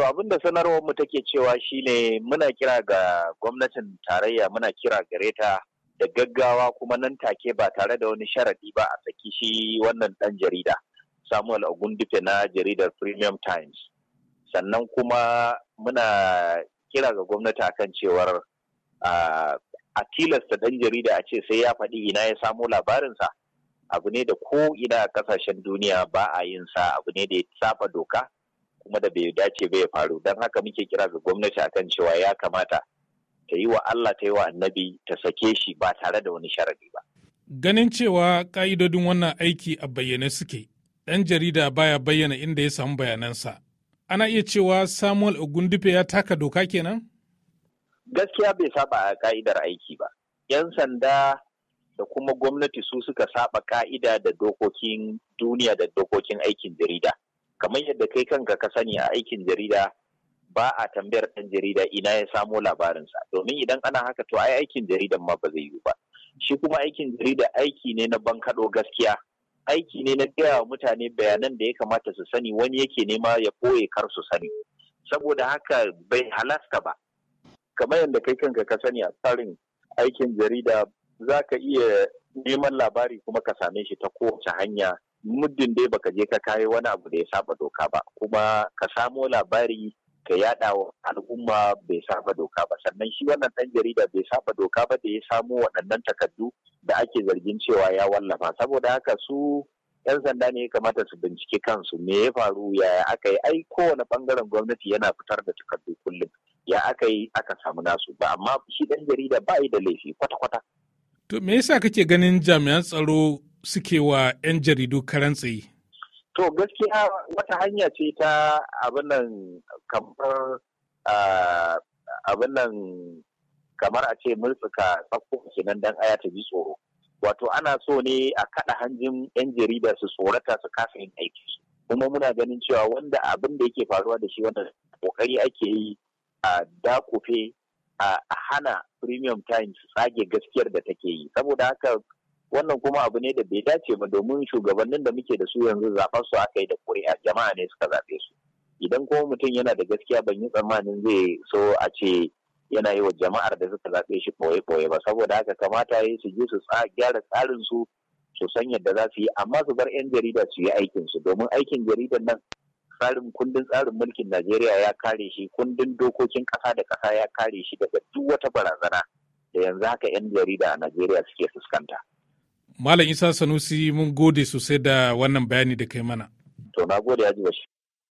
To abin da sanarwar mu take cewa shine muna kira ga gwamnatin tarayya muna kira gare ta da gaggawa kuma nan take ba tare da wani sharadi ba a saki shi wannan dan jarida Samuel Ogundife na jaridar Premium Times. Sannan kuma muna kira ga gwamnati akan cewar a tilasta dan jarida a ce sai ya faɗi ina ya samu labarinsa abu ne da ko ina a ƙasashen duniya ba a yin sa abu ne da ya saba doka kuma da bai dace ba ya faru don haka muke kira ga gwamnati akan cewa ya kamata ta yi wa Allah ta yi wa annabi ta sake shi ba tare da wani sharadi ba. Ganin cewa ka'idodin wannan aiki a bayyane suke, ɗan jarida baya bayyana inda ya samu bayanansa. Ana iya cewa Samuel Ogundufe ya taka doka kenan? Gaskiya bai saba a ka'idar aiki ba. 'Yan sanda da kuma gwamnati su suka saba ka'ida da dokokin duniya da dokokin aikin jarida. kamar yadda kai kanka ka sani a aikin jarida ba a tambayar ɗan jarida ina ya samo labarinsa domin idan ana haka to ai aikin jaridan ma ba zai yi ba shi kuma aikin jarida aiki ne na bankaɗo gaskiya aiki ne na gaya wa mutane bayanan da ya kamata su sani wani yake nema ya koye kar su sani saboda haka bai halasta ba kamar yadda kai kanka ka sani a tsarin aikin jarida za ka iya neman labari kuma ka same shi ta kowace hanya muddin dai baka je ka kayi wani abu da ya saba doka ba kuma ka samo labari ka yada wa al'umma bai saba doka ba sannan shi wannan dan jarida bai saba doka ba da ya samo waɗannan takardu da ake zargin cewa ya wallafa saboda haka su 'yan sanda ne ya kamata su bincike kansu me ya faru yaya aka yi ai kowane bangaren gwamnati yana fitar da takardu kullum ya aka yi aka samu nasu ba amma shi dan jarida ba yi da laifi kwata-kwata. To me yasa kake ganin jami'an tsaro suke wa 'yan jaridu karantsi? To gaskiya wata hanya ce ta abinan kamar abinan kamar a ce mulfuka tsakko nan don aya ta ji tsoro. Wato ana so ne a kaɗa hanjin 'yan jarida su tsorata su kasa yin aiki Kuma muna ganin cewa wanda abin da yake faruwa da shi wanda kokari ake yi a dakufe a hana premium su tsage gaskiyar da take yi. Saboda haka wannan kuma abu ne da bai dace ba domin shugabannin da muke da su yanzu zaɓar su aka yi da ƙuri'a jama'a ne suka zaɓe su idan kuma mutum yana da gaskiya ban yi tsammanin zai so a ce yana yi wa jama'ar da suka zaɓe shi ɓoye-ɓoye ba saboda haka kamata ya su je su gyara tsarin su su san yadda za su yi amma su bar 'yan jarida su yi aikin su domin aikin jaridan nan tsarin kundin tsarin mulkin Najeriya ya kare shi kundin dokokin ƙasa da ƙasa ya kare shi daga duk wata barazana da yanzu haka 'yan jarida a Najeriya suke fuskanta. Malam Isa Sanusi mun gode sosai da wannan bayani da kai mana. To na gode ya ji